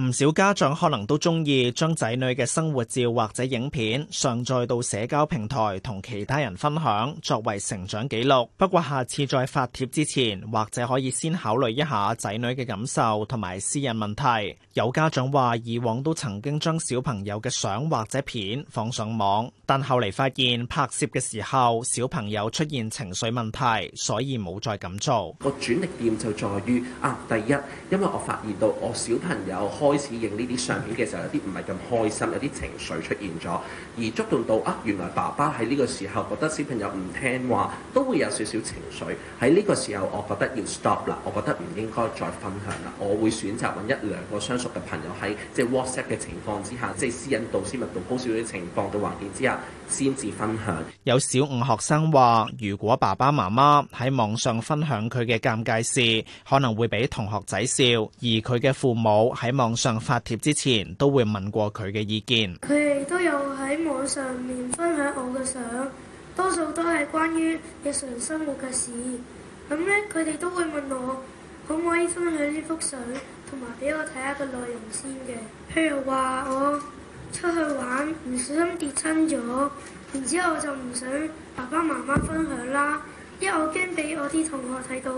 唔少家長可能都中意將仔女嘅生活照或者影片上載到社交平台同其他人分享，作為成長記錄。不過下次再發帖之前，或者可以先考慮一下仔女嘅感受同埋私隱問題。有家長話，以往都曾經將小朋友嘅相或者片放上網，但後嚟發現拍攝嘅時候小朋友出現情緒問題，所以冇再咁做。個轉捩點就在於啊，第一，因為我發現到我小朋友，開始影呢啲相片嘅時候，有啲唔係咁開心，有啲情緒出現咗，而觸動到啊，原來爸爸喺呢個時候覺得小朋友唔聽話，都會有少少情緒。喺呢個時候，我覺得要 stop 啦，我覺得唔應該再分享啦。我會選擇揾一兩個相熟嘅朋友喺即係 WhatsApp 嘅情況之下，即係私隱度、私密度高少少嘅情況嘅環境之下，先至分享。有小五學生話，如果爸爸媽媽喺網上分享佢嘅尷尬事，可能會俾同學仔笑，而佢嘅父母喺網上發帖之前都會問過佢嘅意見。佢哋都有喺網上面分享我嘅相，多數都係關於日常生活嘅事。咁咧，佢哋都會問我可唔可以分享呢幅相，同埋俾我睇下個內容先嘅。譬如話我出去玩唔小心跌親咗，然之後就唔想爸爸媽媽分享啦，因為我驚俾我啲同學睇到，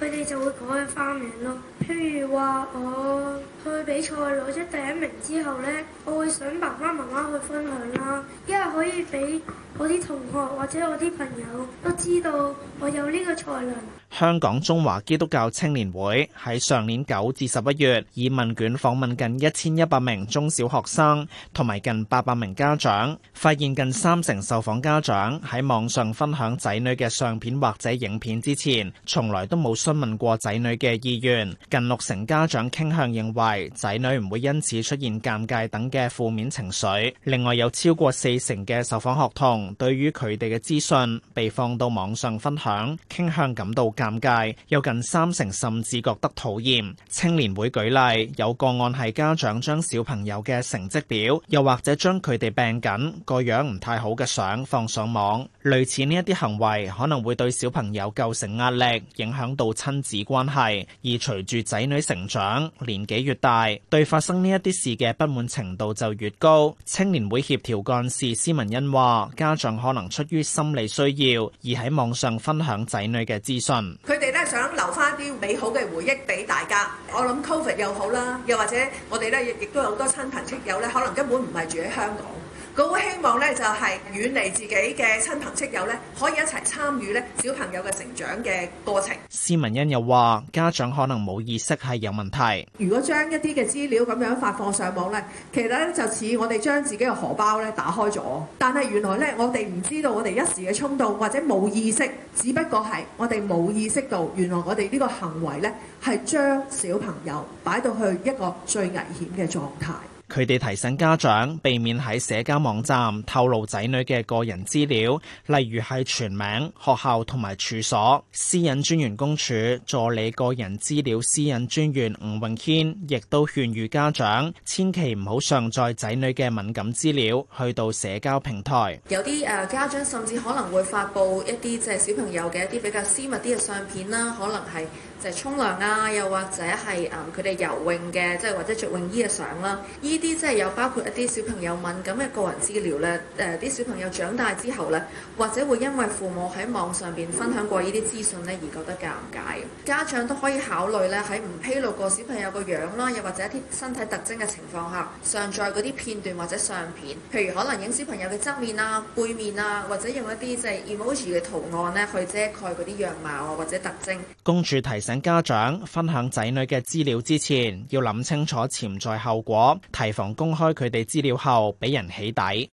佢哋就會改花名咯。譬如話我，去比賽攞咗第一名之後呢，我會想爸爸媽媽去分享啦，因為可以俾我啲同學或者我啲朋友都知道我有呢個才能。香港中華基督教青年會喺上年九至十一月以問卷訪問近一千一百名中小學生同埋近八百名家長，發現近三成受訪家長喺網上分享仔女嘅相片或者影片之前，從來都冇詢問過仔女嘅意願。近六成家長傾向認為。仔女唔會因此出現尷尬等嘅負面情緒。另外有超過四成嘅受訪學童對於佢哋嘅資訊被放到網上分享，傾向感到尷尬，有近三成甚至覺得討厭。青年會舉例，有個案係家長將小朋友嘅成績表，又或者將佢哋病緊個樣唔太好嘅相放上網。類似呢一啲行為可能會對小朋友構成壓力，影響到親子關係。而隨住仔女成長，年紀越大對發生呢一啲事嘅不滿程度就越高。青年會協調幹事施文欣話：家長可能出於心理需要而喺網上分享仔女嘅資訊。佢哋咧想留翻一啲美好嘅回憶俾大家。我諗 COVID 又好啦，又或者我哋咧亦都有好多親朋戚友咧，可能根本唔係住喺香港。佢好希望咧，就係遠離自己嘅親朋戚友咧，可以一齊參與咧小朋友嘅成長嘅過程。施文欣又話：家長可能冇意識係有問題。如果將一啲嘅資料咁樣發放上網咧，其實咧就似我哋將自己嘅荷包咧打開咗。但係原來咧，我哋唔知道我哋一時嘅衝動或者冇意識，只不過係我哋冇意識到，原來我哋呢個行為咧係將小朋友擺到去一個最危險嘅狀態。佢哋提醒家長避免喺社交網站透露仔女嘅個人資料，例如係全名、學校同埋處所。私隱專員公署助理個人資料私隱專員吳永軒亦都勸喻家長，千祈唔好上載仔女嘅敏感資料去到社交平台。有啲誒家長甚至可能會發布一啲即係小朋友嘅一啲比較私密啲嘅相片啦，可能係即係沖涼啊，又或者係誒佢哋游泳嘅即係或者着泳衣嘅相啦，啲即係有包括一啲小朋友敏感嘅個人資料咧，誒啲小朋友長大之後咧，或者會因為父母喺網上邊分享過呢啲資訊咧而覺得尷尬。家長都可以考慮咧喺唔披露過小朋友個樣啦，又或者一啲身體特徵嘅情況下，上載嗰啲片段或者相片，譬如可能影小朋友嘅側面啊、背面啊，或者用一啲即係 emoji 嘅圖案咧去遮蓋嗰啲樣貌啊或者特徵。公署提醒家長分享仔女嘅資料之前，要諗清楚潛在後果。提防公開佢哋資料後俾人起底。